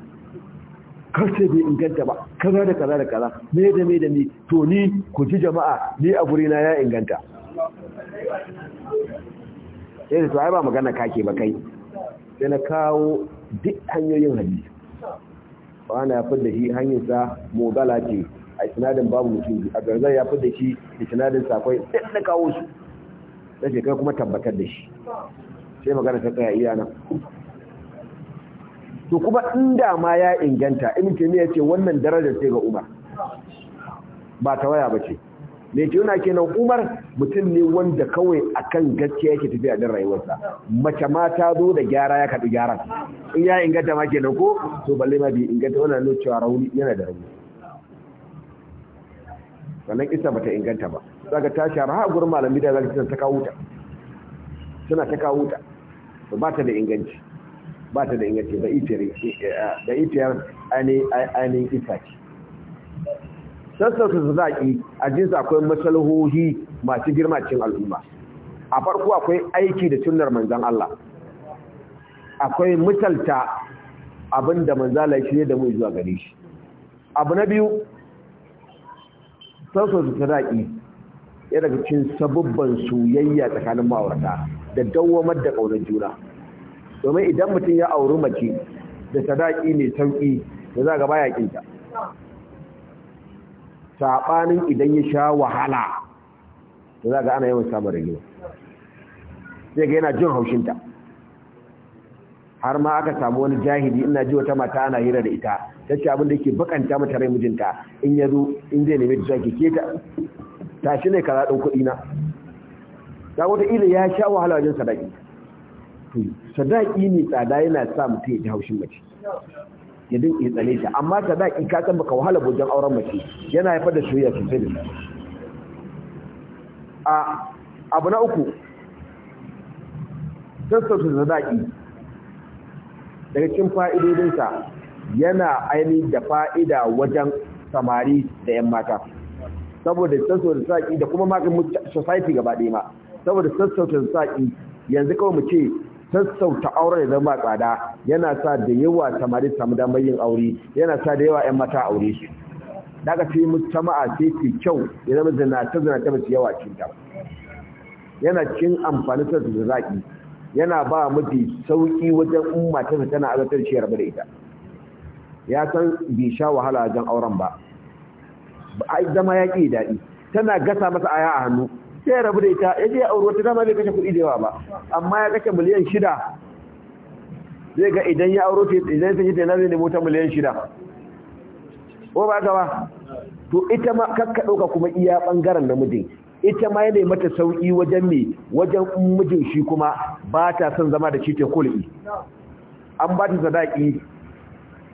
karce bai inganta ba kaza da kaza da kaza me da me da me to ni ku ji jama'a ni a guri ya inganta sai to ai ba magana kake ba kai sai na kawo duk hanyoyin hadisi wani ya da shi hanyar sa mogala ce a sinadin babu mutum a garza ya da shi da sinadin sakwai duk na kawo su na shekar kuma tabbatar da shi sai magana ta tsaya iya to kuma inda ma ya inganta ke ya ce wannan darajar ce ga Umar ba ta waya bace me ke yana kenan Umar mutum ne wanda kawai akan gaskiya yake tafiya din rayuwarsa mace ma ta zo da gyara ya kaɗi gyara in ya inganta ma kenan ko to balle ma bai inganta wannan nuna cewa rauni yana da rauni sannan isa bata inganta ba zaka ta shara ha gurin malami da zaka ta kawo ta suna ta kawo ta ba ta da inganci ba ta da inganci da itiyar ainihin itace su zaƙi a jinsa akwai matsalhohi masu girma cikin al'umma a farko akwai aiki da tunar manzan Allah akwai mutalta abin da manzala shi ne da mu zuwa gare shi abu na biyu su zaƙi ya daga cin sabubban soyayya tsakanin ma'aurata da dawamar da ƙaunar juna domin idan mutum ya auri mace da sadaki mai sauki da za ga baya kinta sabanin idan ya sha wahala da za ga ana yawan samun rigima sai ga yana jin haushinta har ma aka samu wani jahidi ina ji wata mata ana hira da ita ta ce abin da yake bakanta mata rai mijinta in ya zo in zai nemi ta ke ta tashi ne kaza ɗin kuɗi na ta wata ila ya sha wahala wajen sadaki sadaki ne tsada yana sa mutum ya ji haushin mace ya din ya tsane ta amma sadaki ka san baka wahala wajen auren mace yana haifar da soyayya sosai da a abu na uku sassauta sadaki daga cikin fa'idodinsa yana aini da fa'ida wajen samari da ‘yan mata saboda sassauta sadaki da kuma makin society gaba ɗaya ma saboda sassauta sadaki yanzu kawai mu ce sassauta aure ya zama tsada yana sa da yawa samari samu damar yin aure yana sa da yawa 'yan mata aure su da aka ce mujtama'a ce kyau ya zama zinata zinata mace yawa cin ta yana cin amfani sa da zaki yana ba miji sauki wajen umma ta tana azatar shi rabu da ita ya san bai sha wahala wajen auren ba ai zama yaki daɗi tana gasa masa aya a hannu sai ya rabu da ita ya je ya auri wata dama bai kashe kuɗi da yawa ba amma ya kashe miliyan shida zai ga idan ya auro idan ta yi ta zai nemo ta miliyan shida ko ba gaba to ita ma kakka ɗauka kuma iya ɓangaren namijin ita ma yana mata sauƙi wajen me wajen mijin shi kuma ba ta son zama da shi ta an ba ta sadaki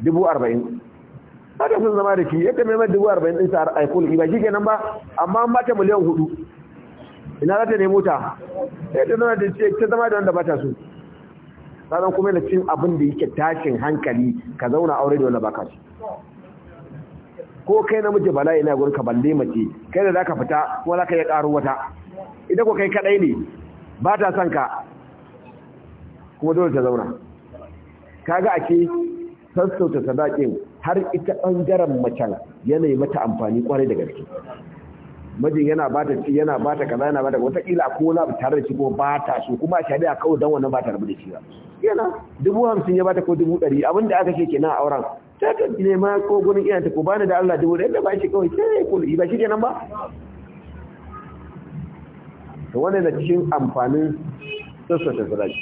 dubu arba'in ba ta son zama da shi yadda mai mai dubu arba'in ɗinsa a kul'i ba shi kenan ba amma an ba ta miliyan hudu ina za ta nemo ta sai eh, ta zama da ta zama da wanda ba ta so sanan kuma yana cin abin da yake tashin hankali ka zauna aure da wanda ba ka so ko kai namiji bala'i na gurin ka balle mace kai da zaka fita kuma zaka iya karo wata ita ko kai kadai ne ba ta son ka kuma dole ta zauna kaga ake sassauta sadakin har ita bangaren macen yanayi mata amfani kwarai da gaske majin yana ba ta ci yana ba ta kaza yana ba ta wata kila ko na tare da shi ko ba ta so kuma shari'a kawai dan wannan ba ta rabu da shi ba yana dubu hamsin ya ba ta ko dubu ɗari abinda aka ce kenan a auren ta ta nema ko gurin iyanta ko bani da Allah dubu ɗari da ba shi kawai sai ko ba shi kenan ba to wannan da cikin amfanin sassauta sadaki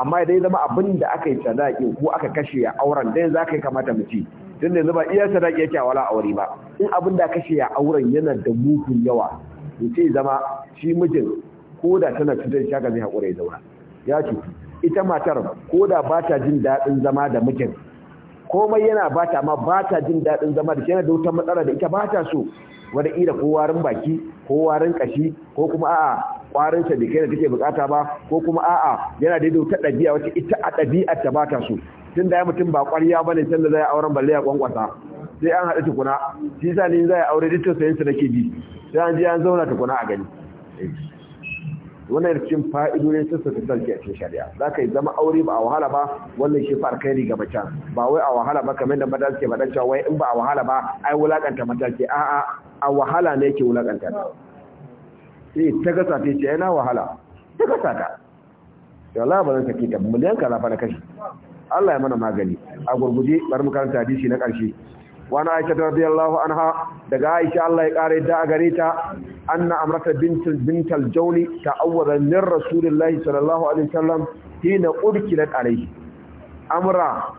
amma idan ya zama abin da aka yi tsada ko aka kashe a auren dan za ka yi kamata mu ci tun yanzu ba iya sadaki yake a wala aure ba in abin da kashe ya auren yana da mugun yawa to sai zama shi mijin ko da tana cutar shaka zai haƙura ya zauna ya ce ita matar ko da ba ta jin daɗin zama da mijin komai yana ba ta amma ba ta jin daɗin zama da shi yana da wata matsala da ita ba ta so wani ira ko warin baki ko warin kashi ko kuma a'a kwarin sa da kai da take bukata ba ko kuma a'a yana da wata ɗabi'a wacce ita a ɗabi'ar ta ba ta so tun da ya mutum ba ƙwarya ba ne can da zai auren balle ya kwankwasa sai an haɗu tukuna shi sa ne zai aure duk tausayin su nake bi sai an ji an zauna tukuna a gani wannan cikin fa'idodin sassa ta sarki a cikin shari'a za ka yi zama aure ba a wahala ba wannan shi fa alkhairi ga mace ba wai a wahala ba kamar da mata suke faɗa cewa wai in ba a wahala ba ai wulakanta mata ke a'a a wahala ne yake wulakanta ta sai ta gasa ta ce yana wahala ta gasa ta wallahi ba zan ke ta miliyan kaza fa kashi Allah ya mana magani a gurguje bar mu karanta hadisi na ƙarshe wani aisha radiyallahu anha daga aisha Allah ya kare da a gare ta anna amrata bintul bintal jawli ta'awwada min rasulillahi sallallahu alaihi wasallam hina urkilat qare amra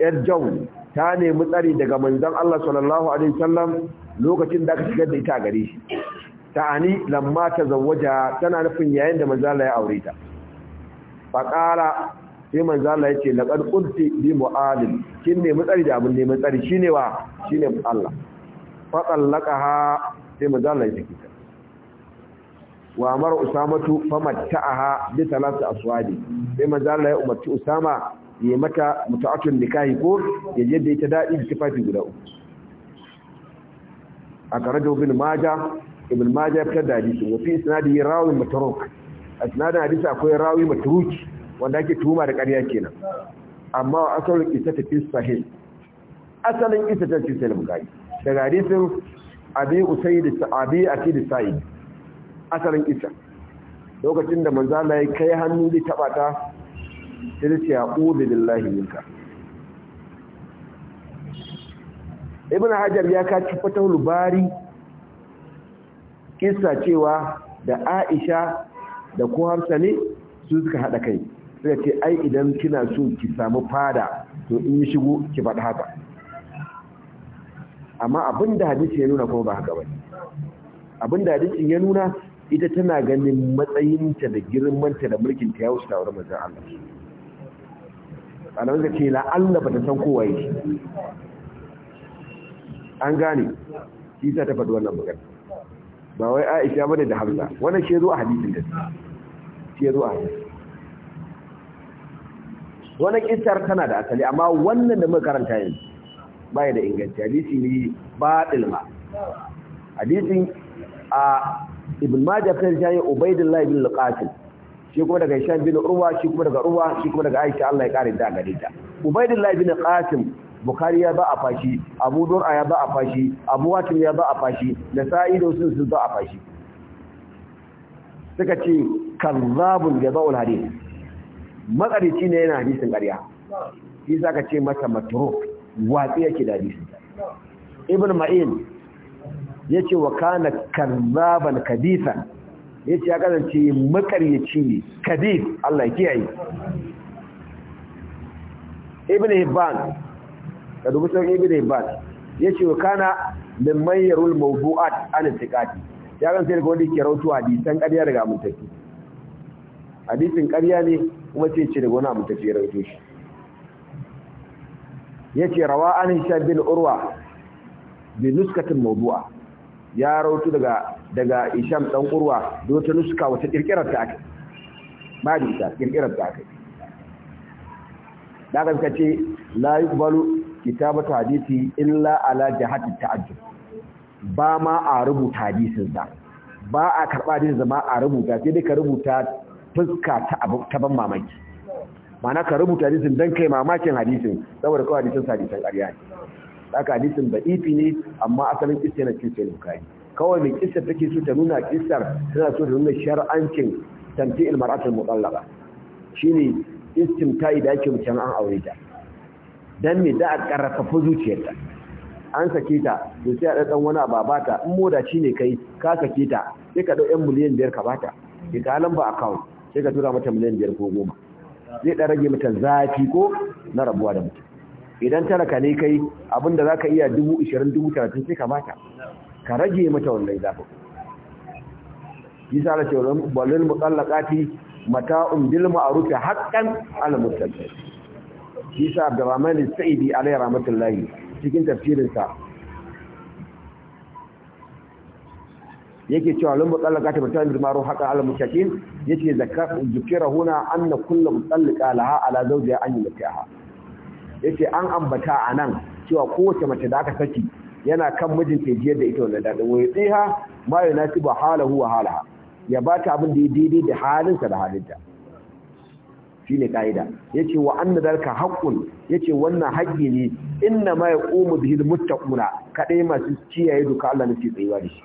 yar jawl ta nemi tsari daga manzon Allah sallallahu alaihi wasallam lokacin da aka shigar da ita a gare shi ta'ani lamma tazawwaja tana nufin yayin da manzon Allah ya aure ta faqala sai manzo Allah yace laqad qulti bi mu'alim kin ne tsari da abin neman tsari shine wa shine Allah fa tallaqaha sai manzo Allah ya saki wa amara usamatu famatta'aha bi thalathati aswadi sai manzo Allah ya umarci usama ya mata muta'atun nikahi ko ya je da ita dadi tufafi guda uku akarajo bin maja ibn maja ya fitar da hadisi wa fi isnadi rawi matruk a hadisi akwai rawi matruki wanda ake tuhuma da ƙarya kenan amma a asalin isa ta fi sahi asalin isa ta fi sahi bukari daga hadisin abi usaid abi da sa'i asalin isa lokacin da manzala ya kai hannu da taba ta sai ce a'udhu billahi minka ibn hajar ya kaci fata bari kissa cewa da Aisha da ko Hafsa ne su suka hada kai suka ce ai idan kina so ki samu fada to in yi shigo ki faɗi haka amma abinda hadisi ya nuna kuma ba haka ba abinda hadisin ya nuna ita tana ganin matsayinta da girmanta da mulkin ta ya wuce tawar manzon Allah alamun ka ce la'alla ba ta san kowa yi an gane isa ta faɗi wannan magana ba wai aisha bane da hamza wannan shi ya zo a hadisin da shi ya zo a hadisin wani ƙisar tana da asali amma wannan da muka karanta yanzu baya da inganci hadisi ne ba dilma Hadisi a ibn majah kan jaye ubaidillah bin luqatil shi kuma daga shan bin urwa shi kuma daga urwa shi kuma daga aisha Allah ya kare da gare ta ubaidillah bin qasim bukhari ya ba a fashi abu dur'a ya ba a fashi abu watim ya ba a fashi da sa'ido sun sun ba a fashi suka ce kan ba ul hadith matsarici ne yana hadisin ƙarya shi za ka ce mata matruk watsi yake da hadisin ibn ma'in ya ce wa kana karzaban kadisa ya ce ya kasance makaryaci ne kadis Allah kiyaye ibn hibban da dubutan ibn hibban ya ce wa kana min mayyarul mawdu'at an intiqati ya kasance da wanda ke rautu hadisan ƙarya daga mutaki hadisin ƙarya ne kuma ce ce daga wani abu tafi rauto shi ce rawa an sha bin urwa bi nuskatin mabuwa ya rawaito daga daga dan urwa da wata nuska wata kirkirar ta aka ba da ita kirkirar ta aka daga suka ce la yuqbalu kitabatu hadisi illa ala jihati ta'ajjub ba ma a rubuta hadisin sa ba a karba hadisin ma a rubuta sai dai ka rubuta fuska ta ta ban mamaki mana ka rubuta hadisin dan kai mamakin hadisin saboda kawai hadisin hadisin ƙarya ne haka hadisin da ifi ne amma asalin kissa yana cikin bukari kawai mai kissa take so ta nuna kissar tana so ta nuna shar'ancin tanti ilmaratul mutallaba shine ta da ake mutan an aure ta dan me da a karrafa zuciyarta an sake ta to sai a dan wani ta in moda shine kai ka sake ta sai ka dau yan miliyan biyar ka bata ki kalan ba account sai ka tura mata miliyan biyar ko goma zai ɗan rage mata zafi ko na rabuwa da mutum idan talaka ne kai abinda za ka iya dubu ishirin dubu talatin sai ka bata ka rage mata wannan zafin isa da cewa balil mutsallaqati mata'un bil ma'ruf haqqan al muttaqin isa abdurrahman al-sa'idi alayhi rahmatullahi cikin tafsirinsa yake cewa lamba tsallaka ta bata bil ma'ruf haka al mutakin yace zakka zukira huna anna kullu mutallika laha ala zawjiha an yutiha yace an ambata anan cewa kowace mace da aka saki yana kan mijinta jiyar da ita wannan dadin waye tsiha ma yunasibu halahu wa halaha ya bata abin da ya daidai da halinsa da halinta shi ne ka'ida ya ce wa anna dalka haƙƙun ya ce wannan haƙƙi ne inna ma ya ƙomu bihil muttaquna kaɗai masu ciyaye duka Allah na ce tsayuwa da shi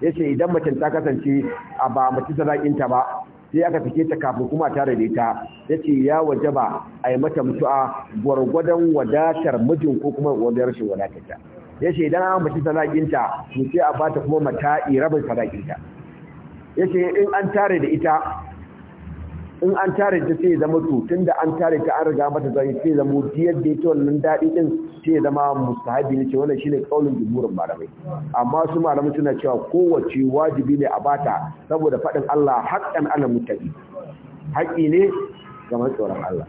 yace idan mace ta kasance a ba mace sadakinta ba sai aka fice ta kafin kuma ta da ta yace ya wajaba a yi mata mutu'a gwargwadon wadatar mijin ko kuma wadatar rashin wadatarta yace idan an mace sadakinta to sai a bata kuma mata'i rabin sadakinta yace in an tare da ita in an tare ta sai zama to da an tare ta an riga mata zai sai zama diyar yadda ita wannan daɗi din sai zama mustahabi ne ce wannan shine kaulin jumhurin malamai amma su malamai suna cewa kowace wajibi ne a bata saboda faɗin Allah haƙƙan ana muttaqi Haƙƙi ne ga tsoron Allah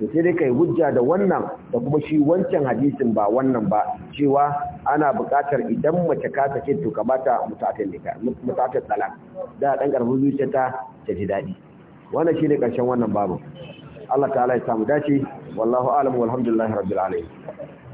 to sai dai kai hujja da wannan da kuma shi wancan hadisin ba wannan ba cewa ana buƙatar idan mace ka sake to kamata mutatin nika mutatin talak da dan karfin zuciyarta ta ji dadi wannan shine karshen wannan babu Allah ta'ala ya samu dace wallahu a'lam walhamdulillahi rabbil alamin